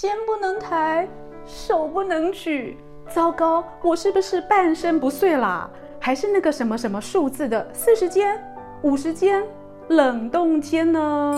肩不能抬，手不能舉，糟糕！我是不是半身不遂啦？還是那個什麼什麼數字的四十肩、五十肩、冷凍肩呢？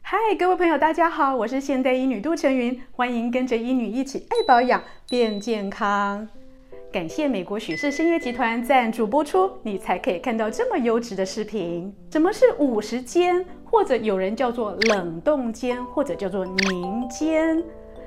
嗨，各位朋友，大家好，我是現代醫女杜丞蕓，歡迎跟着醫女一起愛保養，變健康。感謝美國許氏參業集團贊助播出，你才可以看到這麼優質的視頻。什麼是五十肩？或者有人叫做冷凍肩，或者叫做凝肩？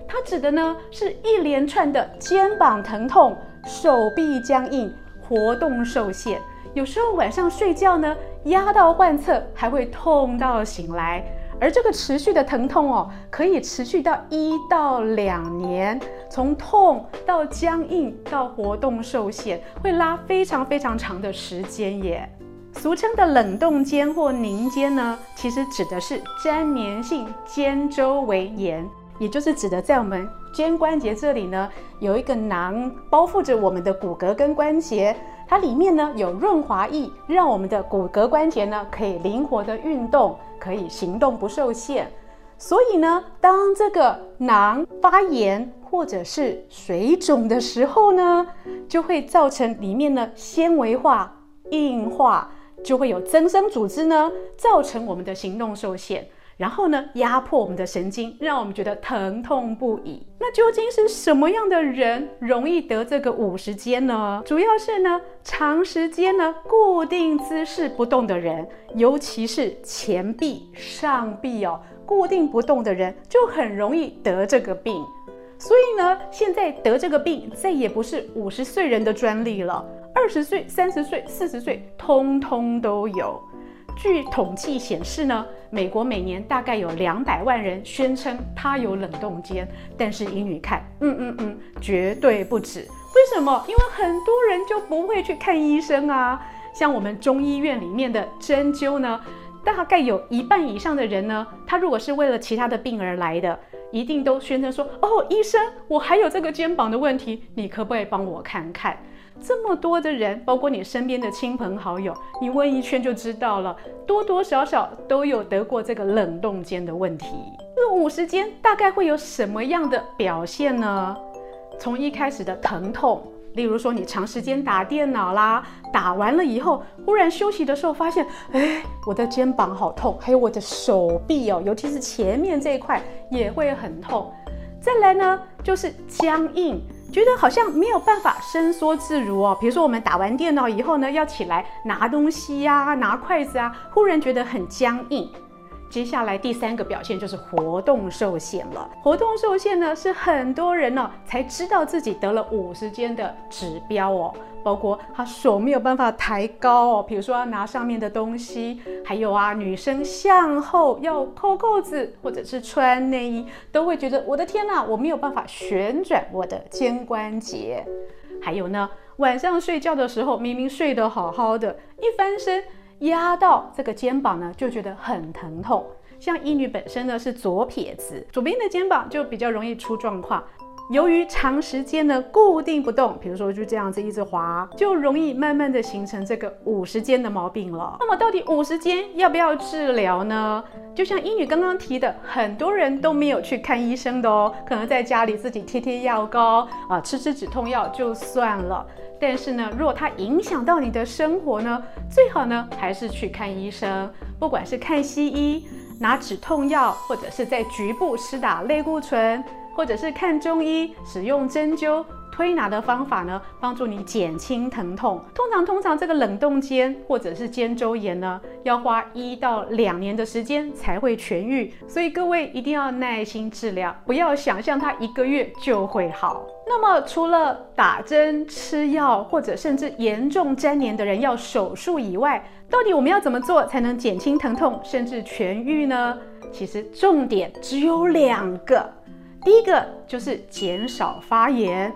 它指的呢是一連串的肩膀疼痛、手臂僵硬、活動受限，有時候晚上睡覺呢壓到患側還會痛到醒來。而這個持續的疼痛哦，可以持續到一到兩年，從痛到僵硬到活動受限，會拉非常非常長的時間耶。俗稱的冷凍肩或凝肩呢，其實指的是粘連性肩周圍炎，也就是指的在我們肩關節這裡呢，有一個囊包覆着我們的骨骼跟關節，它裡面呢有潤滑液，讓我們的骨骼關節呢可以靈活的運動。可以行動不受限，所以呢，當這個囊發炎或者是水腫的時候呢，就會造成裡面的纖維化、硬化，就會有增生組織呢，造成我們的行動受限。然後呢，壓迫我們的神經，讓我們覺得疼痛不已。那究竟是什麼樣的人容易得這個五十肩呢？主要是呢，長時間呢，固定姿勢不動的人，尤其是前臂、上臂哦，固定不動的人就很容易得這個病。所以呢，現在得這個病再也不是五十歲人的專利了，二十歲、三十歲、四十歲，通通都有。據統計顯示呢，美國每年大概有兩百萬人宣稱他有冷凍肩，但是醫女看，嗯嗯嗯，絕對不止。為什麼？因為很多人就不會去看醫生啊。像我們中醫院裡面的針灸呢，大概有一半以上的人呢，他如果是為了其他的病而來的，一定都宣稱說：哦，醫生，我還有這個肩膀的問題，你可不可以幫我看看？這麼多的人，包括你身邊的親朋好友，你問一圈就知道了，多多少少都有得過這個冷凍肩的問題。那五十肩大概會有什麼樣的表現呢？從一開始的疼痛，例如說你長時間打電腦啦，打完了以後忽然休息的時候發現，哎，我的肩膀好痛，還有我的手臂哦，尤其是前面這一塊也會很痛。再來呢，就是僵硬。覺得好像沒有辦法伸縮自如哦，比如說我們打完電腦以後呢，要起來拿東西呀、啊、拿筷子啊，忽然覺得很僵硬。接下來第三個表現就是活動受限了。活動受限呢，是很多人呢、哦、才知道自己得了五十肩的指標哦。包括他手沒有辦法抬高哦，比如說要拿上面的東西，還有啊，女生向後要扣扣子或者是穿內衣，都會覺得我的天哪、啊，我沒有辦法旋轉我的肩關節。還有呢，晚上睡覺的時候，明明睡得好好的，一翻身。壓到這個肩膀呢，就覺得很疼痛。像醫女本身呢，是左撇子，左邊的肩膀就比較容易出狀況。由於長時間的固定不動，比如說就這樣子一直滑，就容易慢慢的形成這個五十肩的毛病了。那麼到底五十肩要不要治療呢？就像醫女剛剛提的，很多人都沒有去看醫生的哦，可能在家裡自己貼貼藥膏啊，吃吃止痛藥就算了。但是呢，如果它影響到你的生活呢，最好呢還是去看醫生。不管是看西醫拿止痛藥，或者是在局部施打類固醇，或者是看中醫使用針灸。推拿的方法呢，幫助你減輕疼痛。通常，通常這個冷凍肩或者是肩周炎呢，要花一到兩年的時間才會痊癒。所以各位一定要耐心治療，不要想象它一個月就會好。那麼除了打針、吃藥，或者甚至嚴重粘連的人要手術以外，到底我們要怎麼做才能減輕疼痛，甚至痊癒呢？其實重點只有兩個，第一個就是減少發炎。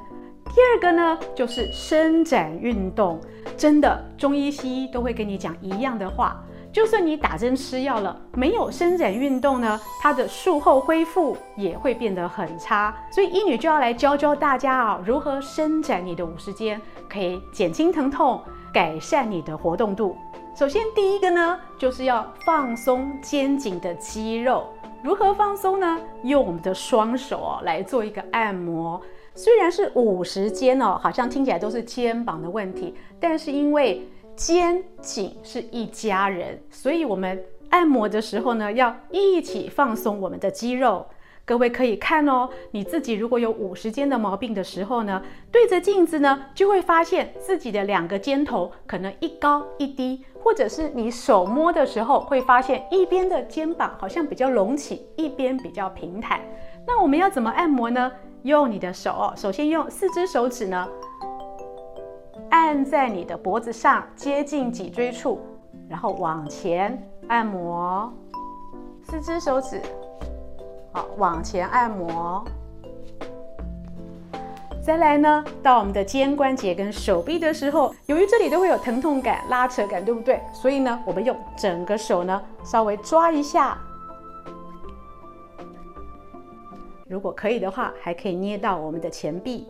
第二個呢，就是伸展運動。真的，中醫西醫都會跟你講一樣的話。就算你打針吃藥了，沒有伸展運動呢，它的術後恢復也會變得很差。所以醫女就要來教教大家啊，如何伸展你的五十肩，可以減輕疼痛，改善你的活動度。首先，第一個呢，就是要放鬆肩頸的肌肉。如何放鬆呢？用我們的雙手啊，來做一個按摩。雖然是五十肩哦，好像聽起來都是肩膀的問題，但是因為肩頸是一家人，所以我們按摩的時候呢，要一起放鬆我們的肌肉。各位可以看哦，你自己如果有五十肩的毛病的時候呢，對着鏡子呢，就會發現自己的兩個肩頭可能一高一低，或者是你手摸的時候會發現一邊的肩膀好像比較隆起，一邊比較平坦。那我們要怎麼按摩呢？用你的手，首先用四隻手指呢，按在你的脖子上，接近脊椎處，然後往前按摩，四隻手指，好，往前按摩。再來呢，到我們的肩關節跟手臂的時候，由於這裡都會有疼痛感、拉扯感，對不對？所以呢，我們用整個手呢，稍微抓一下。如果可以的話，還可以捏到我們的前臂。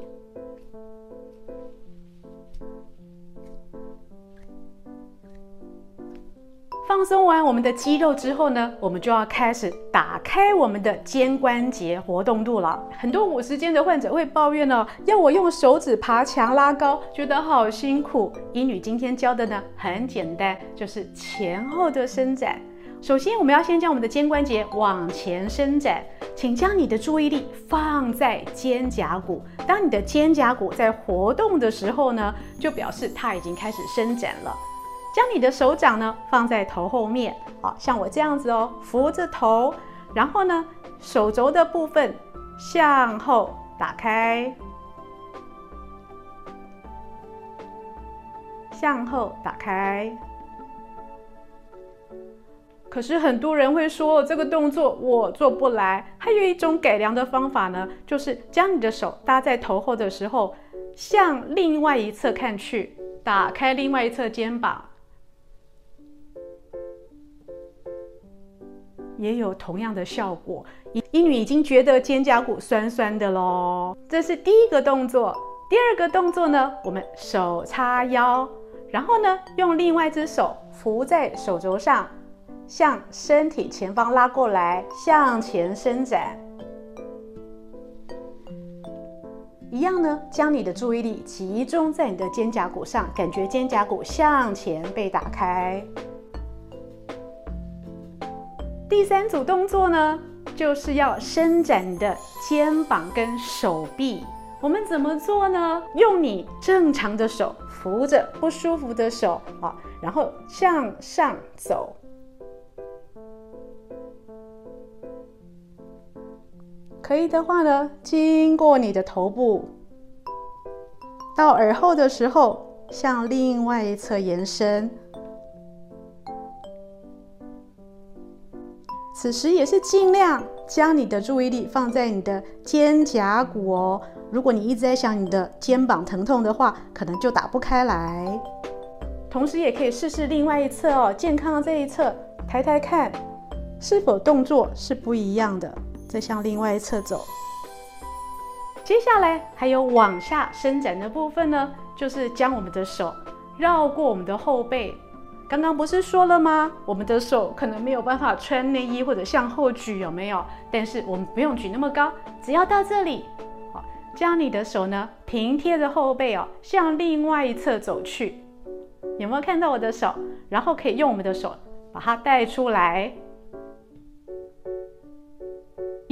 放鬆完我們的肌肉之後呢，我們就要開始打開我們的肩關節活動度了。很多五十肩的患者會抱怨呢、哦，要我用手指爬牆拉高，覺得好辛苦。醫女今天教的呢，很簡單，就是前後的伸展。首先，我們要先將我們的肩關節往前伸展，請將你的注意力放在肩胛骨。當你的肩胛骨在活動的時候呢，就表示它已經開始伸展了。將你的手掌呢放在頭後面，啊，像我這樣子哦，扶着頭，然後呢，手肘的部分向後打開，向後打開。可是很多人會說這個動作我做不來，還有一種改良的方法呢，就是將你的手搭在頭後的時候，向另外一側看去，打開另外一側肩膀，也有同樣的效果。醫女已經覺得肩胛骨酸酸的咯，這是第一個動作，第二個動作呢，我們手叉腰，然後呢用另外一隻手扶在手肘上。向身體前方拉過來，向前伸展。一樣呢，將你的注意力集中在你的肩胛骨上，感覺肩胛骨向前被打開。第三組動作呢，就是要伸展你的肩膀跟手臂。我們怎麼做呢？用你正常的手扶着不舒服的手啊，然後向上走。可以的話呢，經過你的頭部到耳後的時候，向另外一側延伸。此時也是盡量將你的注意力放在你的肩胛骨哦。如果你一直在想你的肩膀疼痛的話，可能就打不開來。同時也可以試試另外一側哦，健康的這一側抬抬看看，是否動作是不一樣的。再向另外一側走，接下來還有往下伸展的部分呢，就是將我們的手繞過我們的後背。剛剛不是說了嗎？我們的手可能沒有辦法穿內衣或者向後舉，有沒有？但是我們不用舉那麼高，只要到這裡。好，將你的手呢平貼着後背哦、喔，向另外一側走去。有沒有看到我的手？然後可以用我們的手把它帶出來。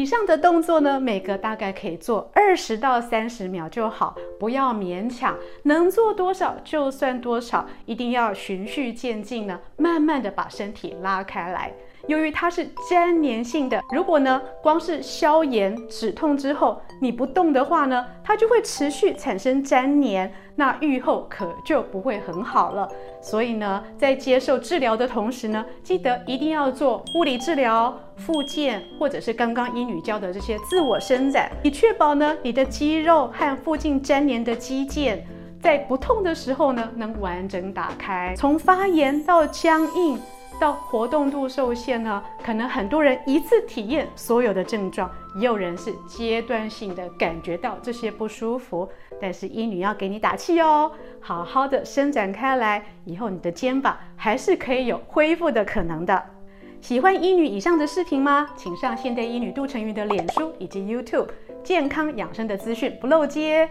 以上的動作呢，每個大概可以做二十到三十秒就好，不要勉強，能做多少就算多少，一定要循序漸進呢，慢慢的把身體拉開來。由於它是沾黏性的，如果呢光是消炎止痛之後，你不動的話呢，它就會持續產生沾黏，那預後可就不會很好了。所以呢，在接受治療的同時呢，記得一定要做物理治療、復健，或者是剛剛醫女教的這些自我伸展，以確保呢你的肌肉和附近沾黏的肌腱，在不痛的時候呢能完整打開，從發炎到僵硬，到活動度受限呢，可能很多人一次體驗所有的症狀，也有人是階段性的感覺到這些不舒服。但是醫女要給你打氣哦，好好的伸展開來，以後你的肩膀還是可以有恢復的可能的。喜歡醫女以上的視頻嗎？請上現代醫女杜丞蕓的臉書以及 YouTube，健康養生的資訊不漏接。